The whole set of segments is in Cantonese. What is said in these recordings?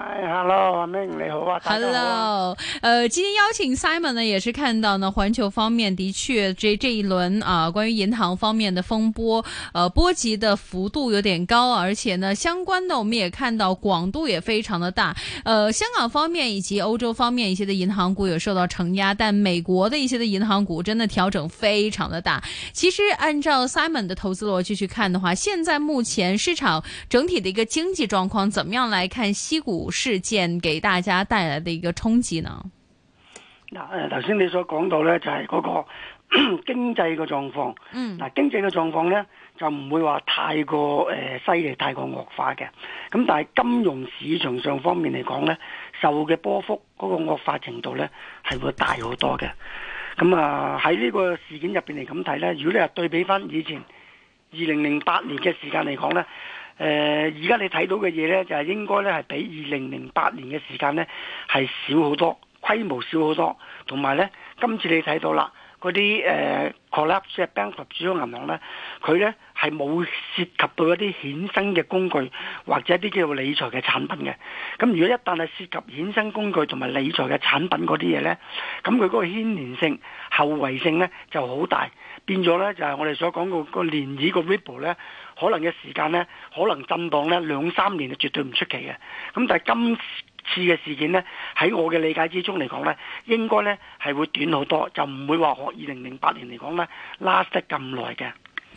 哎，Hello，阿明你好啊，Hello，呃，uh, 今天邀請 Simon 呢，也是看到呢，環球方面的確這這一輪啊，關於銀行方面的風波，呃，波及的幅度有點高，而且呢，相關的我們也看到廣度也非常的大。呃，香港方面以及歐洲方面一些的銀行股有受到承壓，但美國的一些的銀行股真的調整非常的大。其實按照 Simon 的投資邏輯去看的話，現在目前市場整體的一個經濟狀況怎麼樣來看西股？事件給大家帶來的一個衝擊呢？嗱，頭先你所講到呢、那個，就係嗰個經濟嘅狀況。嗯，嗱，經濟嘅狀況呢，就唔會話太過誒犀利，太過惡化嘅。咁但係金融市場上方面嚟講呢，受嘅波幅嗰個惡化程度呢，係會大好多嘅。咁啊喺呢個事件入邊嚟咁睇呢，如果你係對比翻以前二零零八年嘅時間嚟講呢。誒，而家、呃、你睇到嘅嘢咧，就係、是、應該咧係比二零零八年嘅時間咧係少好多，規模少好多，同埋咧今次你睇到啦，嗰啲誒、呃、collapse 即係 bankrupt，主要銀行咧，佢咧係冇涉及到一啲衍生嘅工具或者一啲叫做理財嘅產品嘅。咁如果一旦係涉及衍生工具同埋理財嘅產品嗰啲嘢咧，咁佢嗰個牽連性、後遺性咧就好大，變咗咧就係、是、我哋所講個個漣漪個 ripple 咧。可能嘅時間呢，可能震盪呢兩三年，就絕對唔出奇嘅。咁但係今次嘅事件呢，喺我嘅理解之中嚟講呢，應該呢係會短好多，就唔會話學二零零八年嚟講呢拉得咁耐嘅。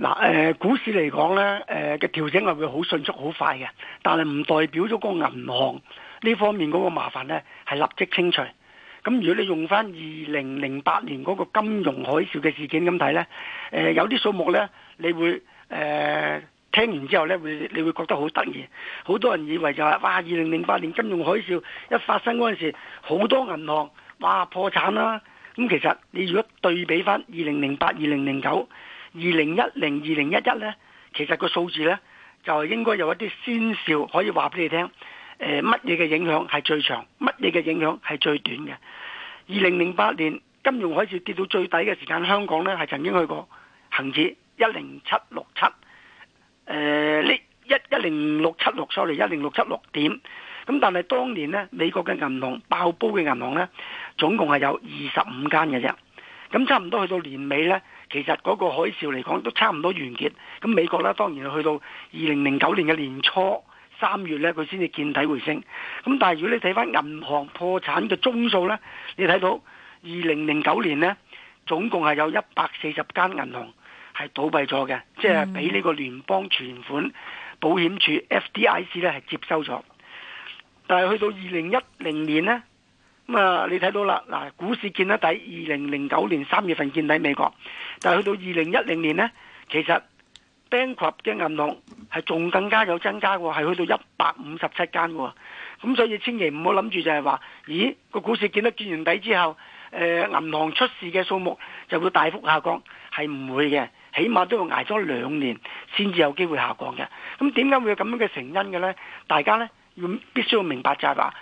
嗱，誒、呃、股市嚟講呢誒嘅、呃、調整係會好迅速、好快嘅，但係唔代表咗個銀行呢方面嗰個麻煩呢係立即清除。咁如果你用翻二零零八年嗰個金融海嘯嘅事件咁睇呢，呃、有啲數目呢，你會誒、呃、聽完之後呢，你會，你會覺得好得意。好多人以為就係、是、哇，二零零八年金融海嘯一發生嗰陣時，好多銀行哇破產啦。咁其實你如果對比翻二零零八、二零零九。二零一零、二零一一呢，其實個數字呢，就應該有一啲先兆可以話俾你聽。誒，乜嘢嘅影響係最長，乜嘢嘅影響係最短嘅。二零零八年金融海嘯跌到最底嘅時間，香港呢係曾經去過恆指一零七六七，誒呢一一零六七六收嚟一零六七六點。咁但係當年呢，美國嘅銀行爆煲嘅銀行呢，總共係有二十五間嘅啫。咁差唔多去到年尾呢，其實嗰個海嘯嚟講都差唔多完結。咁美國呢當然去到二零零九年嘅年初三月呢，佢先至見底回升。咁但係如果你睇翻銀行破產嘅宗數呢，你睇到二零零九年呢，總共係有一百四十間銀行係倒閉咗嘅，即係俾呢個聯邦存款保險處 FDIC 呢係接收咗。但係去到二零一零年呢。咁啊、嗯，你睇到啦，嗱，股市見得底，二零零九年三月份見底美國，但係去到二零一零年呢，其實 bankrupt 嘅銀行係仲更加有增加嘅，係去到一百五十七間咁、嗯、所以千祈唔好諗住就係話，咦，個股市見得見完底之後，誒銀行出事嘅數目就會大幅下降，係唔會嘅，起碼都要挨咗兩年先至有機會下降嘅。咁點解會有咁樣嘅成因嘅呢？大家呢，要必須要明白就係話。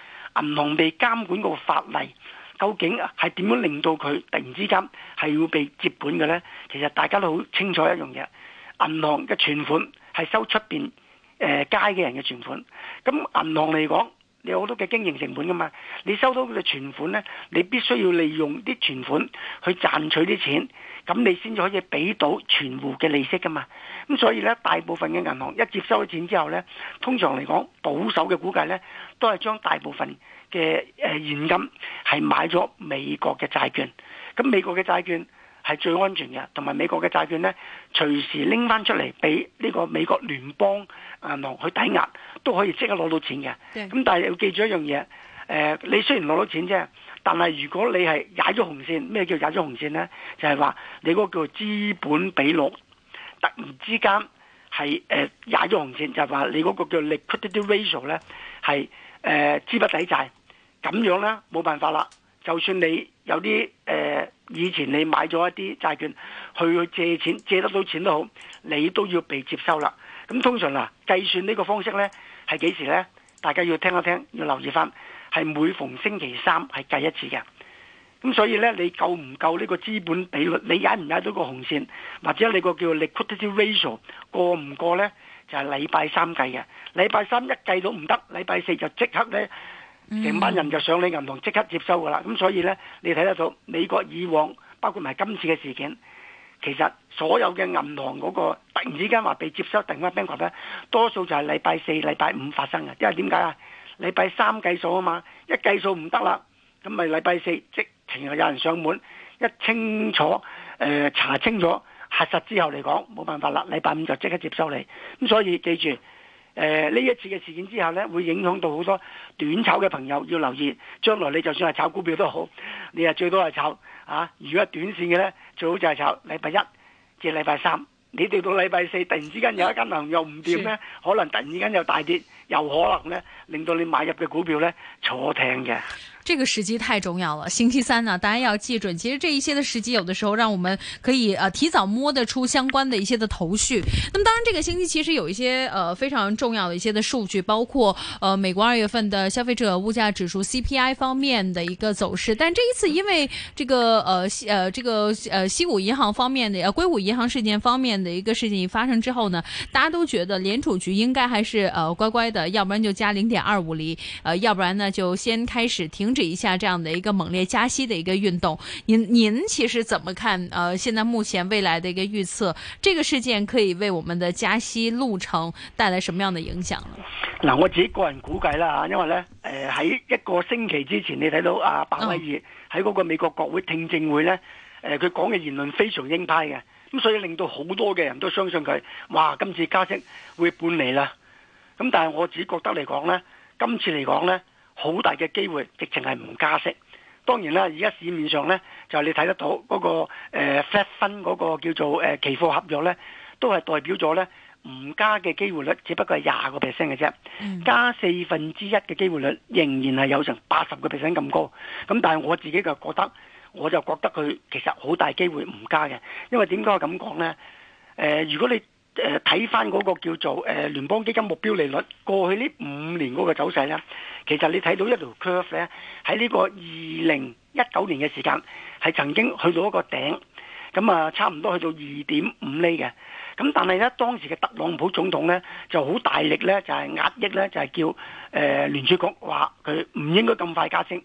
銀行被監管個法例究竟係點樣令到佢突然之間係要被接管嘅呢？其實大家都好清楚一樣嘢，銀行嘅存款係收出邊、呃、街嘅人嘅存款，咁銀行嚟講。有好多嘅經營成本噶嘛，你收到佢嘅存款呢，你必須要利用啲存款去賺取啲錢，咁你先至可以俾到存戶嘅利息噶嘛。咁所以呢，大部分嘅銀行一接收咗錢之後呢，通常嚟講，保守嘅估計呢，都係將大部分嘅誒現金係買咗美國嘅債券。咁美國嘅債券，係最安全嘅，同埋美國嘅債券呢，隨時拎翻出嚟俾呢個美國聯邦銀行去抵押，都可以即刻攞到錢嘅。咁的但係要記住一樣嘢，誒、呃，你雖然攞到錢啫，但係如果你係踩咗紅線，咩叫踩咗紅線呢？就係、是、話你嗰個叫做資本比率，突然之間係誒踩咗紅線，就係、是、話你嗰個叫 liquidity ratio 呢，係誒資不抵債，咁樣呢，冇辦法啦。就算你有啲誒。呃以前你買咗一啲債券去借錢，借得到錢都好，你都要被接收啦。咁通常啦、啊，計算呢個方式呢，係幾時呢？大家要聽一聽，要留意翻，係每逢星期三係計一次嘅。咁所以呢，你夠唔夠呢個資本比率？你踩唔踩到個紅線，或者你個叫做 liquidity ratio 過唔過呢？就係、係、禮拜三計嘅。禮拜三一計到唔得，禮拜四就即刻呢。成班、嗯、人就上你銀行即刻接收噶啦，咁所以呢，你睇得到美國以往包括埋今次嘅事件，其實所有嘅銀行嗰、那個突然之間話被接收，突然間 bank 咧、er，多數就係禮拜四、禮拜五發生嘅，因為點解啊？禮拜三計數啊嘛，一計數唔得啦，咁咪禮拜四即係突然有人上門，一清楚、呃、查清楚、核實之後嚟講，冇辦法啦，禮拜五就即刻接收你，咁所以記住。誒、呢、呃、一次嘅事件之後呢，會影響到好多短炒嘅朋友要留意。將來你就算係炒股票都好，你係最多係炒啊。如果係短線嘅呢，最好就係炒禮拜一至禮拜三。你掉到禮拜四，突然之間有一間銀行又唔掂呢，是可能突然之間又大跌。有可能呢，令到你買入的股票呢，坐艇嘅。這個時機太重要了，星期三呢、啊，大家要記準。其實這一些的時機，有的時候讓我們可以呃提早摸得出相關的一些的頭緒。那麼當然，這個星期其實有一些呃非常重要的一些的數據，包括呃美國二月份的消費者物價指數 CPI 方面的一個走勢。但這一次因為這個呃西呃這個呃硅谷銀行方面的，呃硅谷銀行事件方面的一個事情發生之後呢，大家都覺得聯儲局應該還是呃乖乖的。要不然就加零點二五厘，呃，要不然呢就先開始停止一下這樣的一個猛烈加息的一個運動。您您其實怎麼看？呃，現在目前未來的一個預測，這個事件可以為我們的加息路程帶來什麼樣的影響呢？嗱、啊，我自己個人估計啦，因為呢，誒、呃，喺一個星期之前，你睇到啊，鮑威爾喺嗰個美國國會聽證會呢，誒、呃，佢講嘅言論非常鷹派嘅，咁所以令到好多嘅人都相信佢，哇，今次加息會半厘啦。咁但係我自己覺得嚟講呢，今次嚟講呢，好大嘅機會，直情係唔加息。當然啦，而家市面上呢，就係你睇得到嗰、嗰個、呃、Fed fund 嗰個叫做、呃、期貨合約呢，都係代表咗呢，唔加嘅機會率，只不過係廿個 percent 嘅啫。加四分之一嘅機會率仍然係有成八十個 percent 咁高。咁但係我自己就覺得，我就覺得佢其實好大機會唔加嘅，因為點解我咁講呢、呃？如果你誒睇翻嗰個叫做誒聯邦基金目標利率過去呢五年嗰個走勢咧，其實你睇到一條 curve 咧，喺呢個二零一九年嘅時間係曾經去到一個頂，咁啊差唔多去到二點五厘嘅，咁但係咧，當時嘅特朗普總統咧就好大力咧，就係壓抑咧，就係叫誒聯儲局話佢唔應該咁快加息，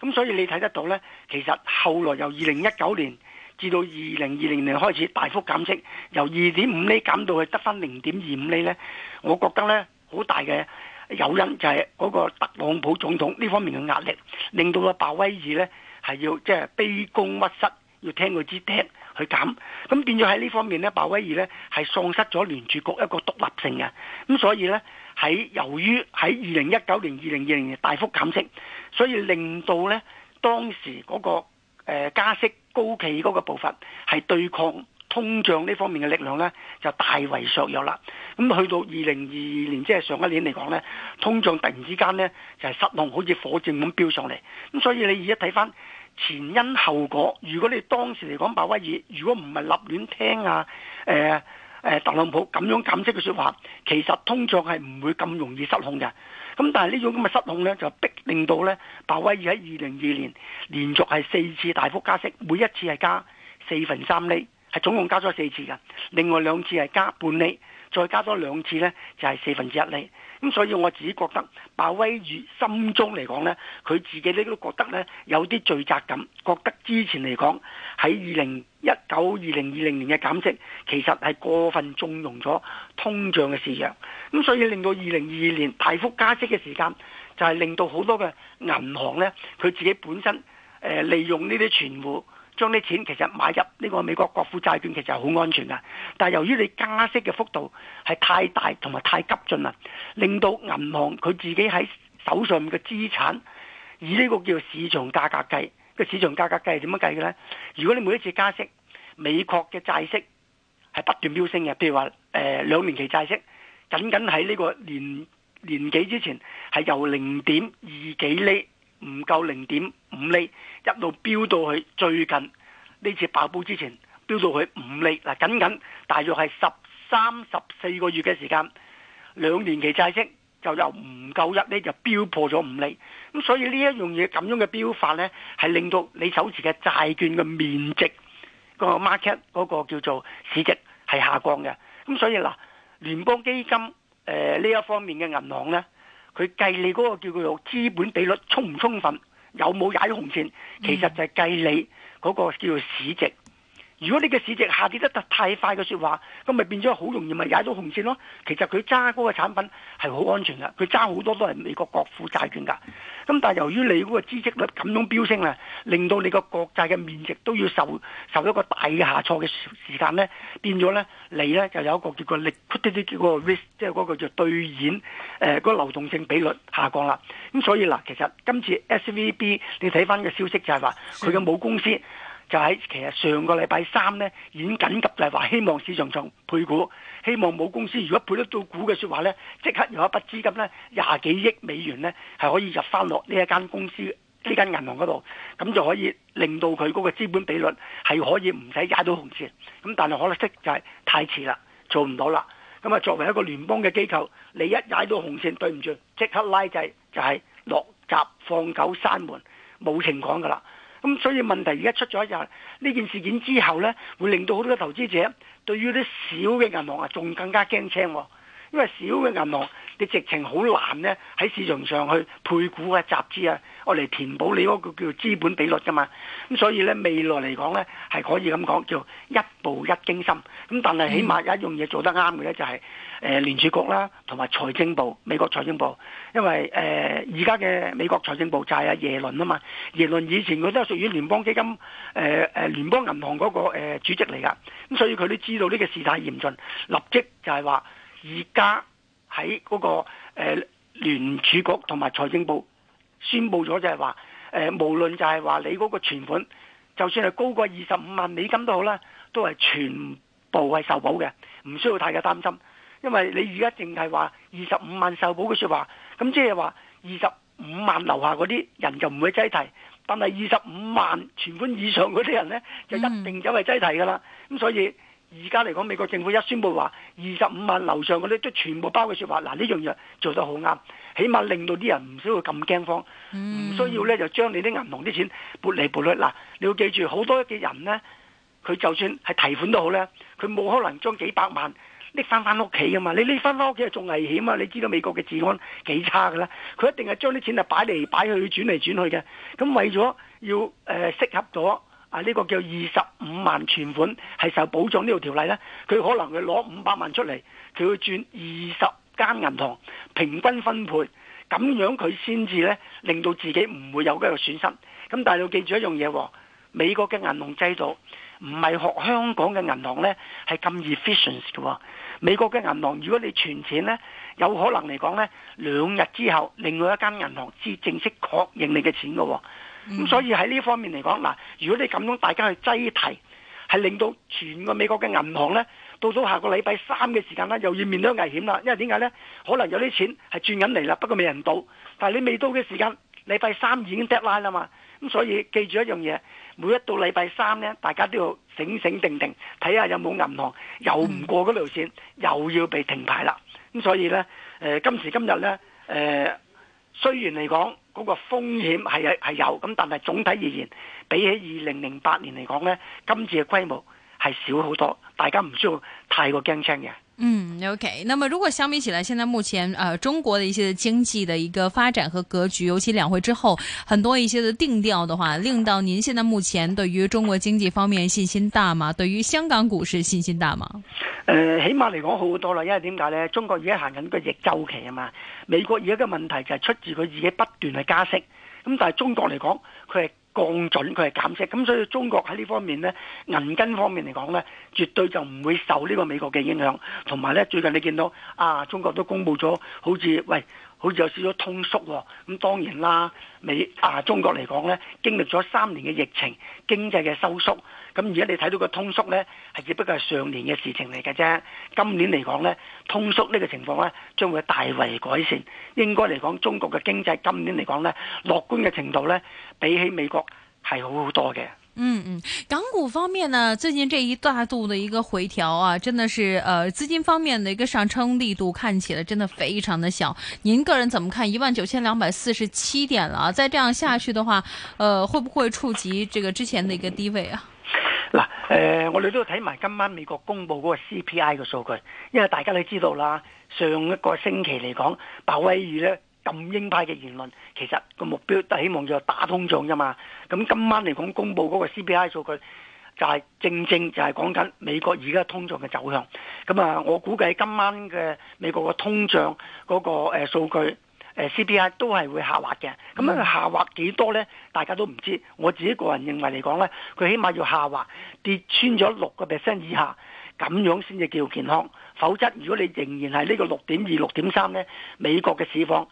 咁所以你睇得到咧，其實後來由二零一九年。至到二零二零年開始大幅減息，由二點五厘減到去得翻零點二五厘呢，我覺得呢好大嘅誘因就係嗰個特朗普總統呢方面嘅壓力，令到個鮑威爾呢係要即係卑躬屈膝，要聽佢支聽去減，咁變咗喺呢方面呢，鮑威爾呢係喪失咗聯儲局一個獨立性嘅，咁所以呢，喺由於喺二零一九年、二零二零年大幅減息，所以令到呢當時嗰個誒加息。高企嗰個步伐係對抗通脹呢方面嘅力量呢，就大為削弱啦。咁去到二零二二年，即係上一年嚟講呢，通脹突然之間呢，就係失控，好似火箭咁飆上嚟。咁所以你而家睇翻前因後果，如果你當時嚟講，鮑威爾，如果唔係立亂聽啊，呃誒特朗普咁樣減息嘅說話，其實通脹係唔會咁容易失控嘅。咁但係呢種咁嘅失控呢，就逼令到呢，鮑威爾喺二零二年連續係四次大幅加息，每一次係加四分三厘，係總共加咗四次嘅。另外兩次係加半厘，再加多兩次呢，就係四分之一厘。咁所以我自己覺得，鮑威爾心中嚟講呢，佢自己呢都覺得呢有啲罪責感，覺得之前嚟講喺二零一九、二零二零年嘅減息，其實係過分縱容咗通脹嘅市場，咁所以令到二零二二年大幅加息嘅時間就係、是、令到好多嘅銀行呢，佢自己本身。利用呢啲存戶將啲錢其實買入呢個美國國庫債券，其實係好安全㗎。但由於你加息嘅幅度係太大同埋太急進啦，令到銀行佢自己喺手上面嘅資產，以呢個叫市場價格計嘅市場價格計係點樣計㗎呢？如果你每一次加息，美國嘅債息係不斷飆升嘅，譬如話、呃、兩年期債息，僅僅喺呢個年年幾之前係由零點二幾釐。唔夠零點五厘，一路飆到去最近呢次爆煲之前，飆到去五厘。嗱，僅僅大約係十三十四個月嘅時間，兩年期債息就由唔夠一厘就飆破咗五厘。咁所以呢一樣嘢咁樣嘅飆法呢，係令到你手持嘅債券嘅面值、個 market 嗰個叫做市值係下降嘅。咁所以嗱，聯邦基金呢、呃、一方面嘅銀行呢。佢計你嗰個叫做資本比率充唔充分，有冇踩紅線，其實就係計你嗰個叫做市值。如果你嘅市值下跌得太快嘅說話，咁咪變咗好容易，咪踩到紅線咯。其實佢揸嗰個產品係好安全㗎，佢揸好多都係美國國庫債券㗎。咁但係由於你嗰個資息率咁樣飆升啊，令到你個國債嘅面值都要受受一個大下挫嘅時間呢，變咗呢，你呢就有一個叫做 Liquidity risk，即係嗰個叫兌現，嗰、呃嗰個流動性比率下降啦。咁所以嗱，其實今次 SVB 你睇返嘅消息就係話佢嘅母公司。就喺其實上個禮拜三呢，已經緊急就係話希望市場上配股，希望冇公司如果配得到股嘅說話呢，即刻有一筆資金呢，廿幾億美元呢，係可以入翻落呢一間公司、呢間銀行嗰度，咁就可以令到佢嗰個資本比率係可以唔使踩到紅線。咁但係可惜就係太遲啦，做唔到啦。咁啊，作為一個聯邦嘅機構，你一踩到紅線，對唔住，即刻拉制就係、是、落閘放狗閂門，冇情講噶啦。咁所以問題而家出咗就係呢件事件之後呢，會令到好多投資者對於啲小嘅銀行啊，仲更加驚青。因為小嘅銀行，你直情好難咧喺市場上去配股啊、集資啊，我嚟填補你嗰個叫資本比率噶嘛。咁所以呢，未來嚟講呢，係可以咁講叫一步一驚心。咁但係起碼有一樣嘢做得啱嘅呢，就係誒聯儲局啦，同埋財政部、美國財政部，因為誒而家嘅美國財政部就係阿耶倫啊嘛。耶倫以前佢都係屬於聯邦基金誒誒聯邦銀行嗰個誒主席嚟噶，咁所以佢都知道呢個事態嚴峻，立即就係話。而家喺嗰個誒聯儲局同埋財政部宣布咗，就係話誒，無論就係話你嗰個存款，就算係高過二十五萬美金都好啦，都係全部係受保嘅，唔需要太嘅擔心。因為你而家淨係話二十五萬受保嘅說話，咁即係話二十五萬留下嗰啲人就唔會擠提，但係二十五萬存款以上嗰啲人呢，就一定就會擠提㗎啦。咁、嗯、所以。而家嚟講，美國政府一宣佈話二十五萬樓上嗰啲都全部包嘅說話，嗱呢樣嘢做得好啱，起碼令到啲人唔需要咁驚慌，唔需要咧就將你啲銀行啲錢撥嚟撥去。嗱、啊，你要記住，好多嘅人呢，佢就算係提款都好咧，佢冇可能將幾百萬拎翻翻屋企㗎嘛，你拎翻翻屋企係仲危險啊！你知道美國嘅治安幾差㗎啦，佢一定係將啲錢啊擺嚟擺去，轉嚟轉去嘅。咁、啊、為咗要、呃、適合咗。啊！呢個叫二十五萬存款係受保障呢條條例呢，佢可能佢攞五百萬出嚟，佢會轉二十間銀行平均分配，咁樣佢先至呢，令到自己唔會有呢個損失。咁但係要記住一樣嘢，美國嘅銀行制度唔係學香港嘅銀行呢係咁 efficient 嘅。美國嘅銀行，如果你存錢呢，有可能嚟講呢兩日之後另外一間銀行先正式確認你嘅錢嘅。咁、嗯、所以喺呢方面嚟講，嗱，如果你咁樣大家去擠提，係令到全個美國嘅銀行呢，到到下個禮拜三嘅時間呢，又要面對危險啦。因為點解呢？可能有啲錢係轉緊嚟啦，不過未人到。但係你未到嘅時間，禮拜三已經 deadline 啦嘛。咁所以記住一樣嘢，每一到禮拜三呢，大家都要醒醒定定，睇下有冇銀行又唔過嗰條線，嗯、又要被停牌啦。咁所以呢、呃，今時今日呢，誒、呃、雖然嚟講。嗰個風險係係有，咁但係總體而言，比起二零零八年嚟講呢，今次嘅規模係少好多，大家唔需要太過驚青嘅。嗯 O、okay, K，那麼如果相比起來，現在目前，呃，中國的一些經濟的一個發展和格局，尤其兩會之後，很多一些的定調的話，令到您現在目前對於中國經濟方面信心大嗎？對於香港股市信心大嗎？呃、起碼嚟講好好多啦，因為點解咧？中國而家行緊個逆周期啊嘛，美國而家嘅問題就係出自佢自己不斷嘅加息，咁但係中國嚟講，佢係，降準佢係減息，咁所以中國喺呢方面咧，銀根方面嚟講咧，絕對就唔會受呢個美國嘅影響，同埋咧，最近你見到啊，中國都公布咗好似喂。好似有少少通縮喎、哦，咁當然啦，美啊中國嚟講呢，經歷咗三年嘅疫情，經濟嘅收縮，咁而家你睇到個通縮呢，係只不過係上年嘅事情嚟嘅啫。今年嚟講呢，通縮呢個情況呢，將會大為改善。應該嚟講，中國嘅經濟今年嚟講呢，樂觀嘅程度呢，比起美國係好好多嘅。嗯嗯，港股方面呢，最近這一大度的一個回調啊，真的是呃，資金方面的一個上升力度看起來真的非常的小。您個人怎麼看？一萬九千兩百四十七點了啊，再這樣下去的話，呃，會不會觸及這個之前的一個低位啊？嗱，誒，呃，我哋都睇埋今晚美國公布嗰個 CPI 嘅數據，因為大家都知道啦，上一個星期嚟講，鮑威爾咧。咁鷹派嘅言論，其實個目標都希望就打通脹啫嘛。咁今晚嚟講公佈嗰個 CPI 數據，就係正正就係講緊美國而家通脹嘅走向。咁啊，我估計今晚嘅美國嘅通脹嗰個誒數據，誒 CPI 都係會下滑嘅。咁樣下滑幾多呢？大家都唔知。我自己個人認為嚟講呢，佢起碼要下滑跌穿咗六個 percent 以下，咁樣先至叫健康。否則，如果你仍然係呢個六點二、六點三呢，美國嘅市況，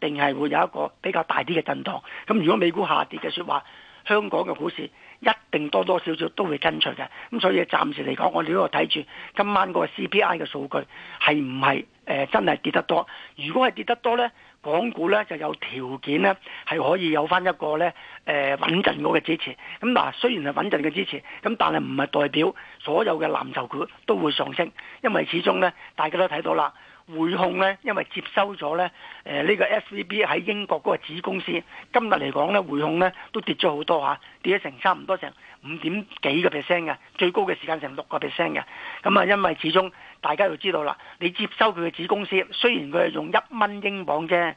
定係會有一個比較大啲嘅震盪。咁如果美股下跌嘅說話，香港嘅股市一定多多少少都會跟隨嘅。咁所以暫時嚟講，我哋都要睇住今晚個 CPI 嘅數據係唔係誒真係跌得多。如果係跌得多呢，港股呢就有條件呢係可以有翻一個呢誒穩陣嗰個支持。咁嗱，雖然係穩陣嘅支持，咁但係唔係代表所有嘅藍籌股都會上升，因為始終呢大家都睇到啦。匯控呢，因為接收咗呢誒呢個 S V B 喺英國嗰個子公司，今日嚟講呢，匯控呢都跌咗好多吓，跌咗成三唔多成五點幾個 percent 嘅，最高嘅時間成六個 percent 嘅。咁啊，因為始終大家都知道啦，你接收佢嘅子公司，雖然佢係用一蚊英鎊啫。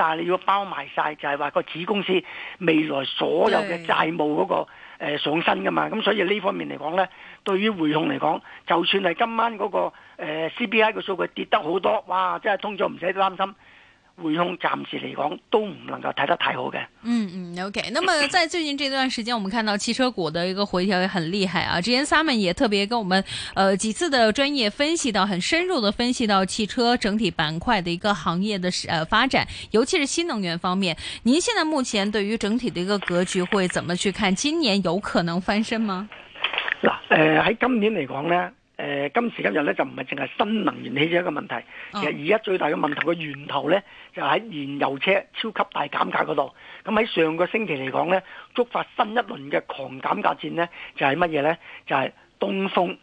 但係你要包埋晒，就係話個子公司未來所有嘅債務嗰、那個上對、呃、身噶嘛，咁所以呢方面嚟講呢，對於匯控嚟講，就算係今晚嗰、那個、呃、CPI 嘅數據跌得好多，哇，真係通咗唔使擔心。匯控暫時嚟講都唔能夠睇得太好嘅、嗯。嗯嗯，OK。那麼在最近這段時間，我們看到汽車股的一個回調也很厲害啊！之前 Sam 也特別跟我們，呃，幾次的專業分析到，很深入的分析到汽車整體板塊的一個行業的，呃，發展，尤其是新能源方面。您現在目前對於整體的一個格局會怎麼去看？今年有可能翻身嗎？嗱、呃，誒喺今年嚟講呢。呃、今時今日咧就唔係淨係新能源汽車一個問題，其實而家最大嘅問題嘅源頭呢，就喺、是、燃油車超級大減價嗰度。咁喺上個星期嚟講呢，觸發新一輪嘅狂減價戰呢，就係乜嘢呢？就係、是、東風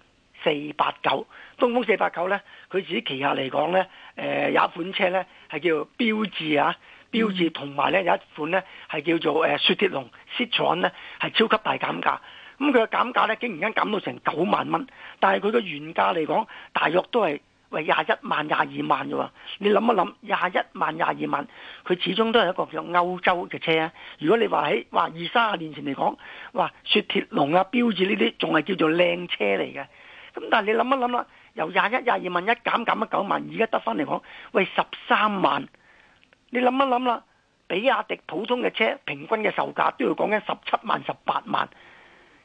489，東風489呢，佢自己旗下嚟講呢、呃，有一款車呢，係叫做標志啊，標志同埋呢，有一款呢，係叫做雪鐵龍雪 c 呢，係係超級大減價。咁佢嘅減價呢，竟然間減到成九萬蚊，但係佢嘅原價嚟講，大約都係喂廿一萬、廿二萬嘅喎。你諗一諗，廿一萬、廿二萬，佢始終都係一個叫歐洲嘅車啊！如果你話喺話二三十年前嚟講，話雪鐵龍啊、標誌呢啲，仲係叫做靚車嚟嘅。咁但係你諗一諗啦，由廿一、廿二萬一減減咗九萬，而家得翻嚟講，喂十三萬。你諗一諗啦，比亞迪普通嘅車平均嘅售價都要講緊十七萬、十八萬。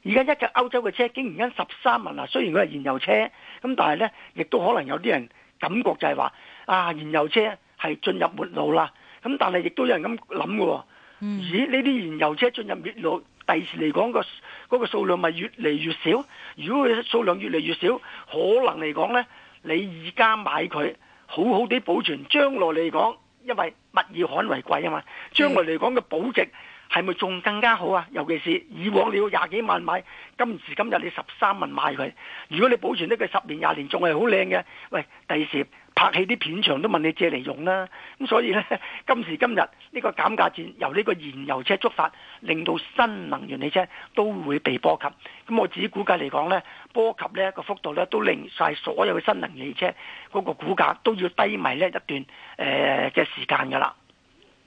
而家一架歐洲嘅車，竟然跟十三萬啊！雖然佢係燃油車，咁但係呢亦都可能有啲人感覺就係話，啊，燃油車係進入末路啦。咁但係亦都有人咁諗嘅。嗯，而呢啲燃油車進入末路，第時嚟講個嗰個數量咪越嚟越少。如果佢數量越嚟越少，可能嚟講呢，你而家買佢，好好地保存，將來嚟講，因為物以罕為貴啊嘛，將來嚟講嘅保值，係咪仲更加好啊？尤其是以往你要廿幾萬買，今時今日你十三萬買佢。如果你保存得佢十年廿年，仲係好靚嘅。喂，第時拍戲啲片場都問你借嚟用啦，啊。咁所以呢，今時今日呢，呢個減價戰由呢個燃油車觸發，令到新能源汽車都會被波及。咁我自己估計嚟講呢波及呢，呢個幅度呢，都令晒所有新能源汽車嗰個股價都要低迷呢一段誒嘅，呃、時間噶啦。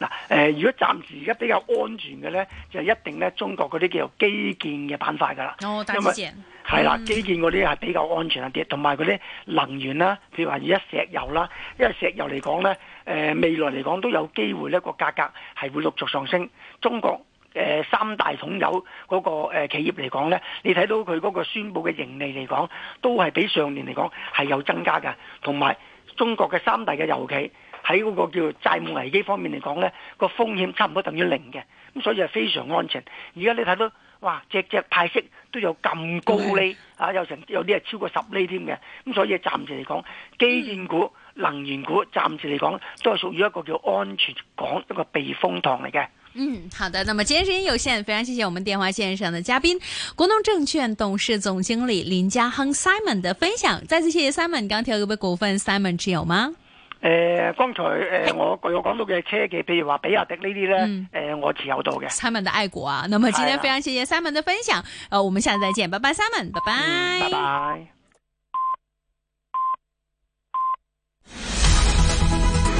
嗱，誒、呃，如果暫時而家比較安全嘅呢，就一定呢中國嗰啲叫做基建嘅板塊噶啦，哦、因為係啦、嗯，基建嗰啲係比較安全一啲，同埋嗰啲能源啦，譬如話而家石油啦，因為石油嚟講呢，誒、呃、未來嚟講都有機會呢個價格係會陸續上升。中國誒、呃、三大桶油嗰個企業嚟講呢，你睇到佢嗰個宣佈嘅盈利嚟講，都係比上年嚟講係有增加嘅，同埋中國嘅三大嘅油企。喺嗰個叫債務危機方面嚟講呢個風險差唔多等於零嘅，咁所以係非常安全。而家你睇到，哇，隻隻派息都有咁高呢，的啊，有成有啲係超過十厘添嘅，咁所以暫時嚟講，基建股、能源股暫時嚟講都係屬於一個叫安全港一個避風塘嚟嘅。嗯，好的，那麼今天時間資源有限，非常謝謝我們電話線上的嘉賓，廣東證券董事總經理林家亨 Simon 嘅分享，再次謝謝 Simon。剛聽有冇股份 Simon 持有嗎？誒、呃，剛才誒、呃、我有講到嘅車嘅，譬如話比亞迪這些呢啲咧，誒、嗯呃、我持有到嘅。Simon 的愛國啊，那麼今天非常謝謝、啊、Simon 的分享，誒、呃，我們下次再見，拜拜，Simon，拜拜，嗯、拜拜。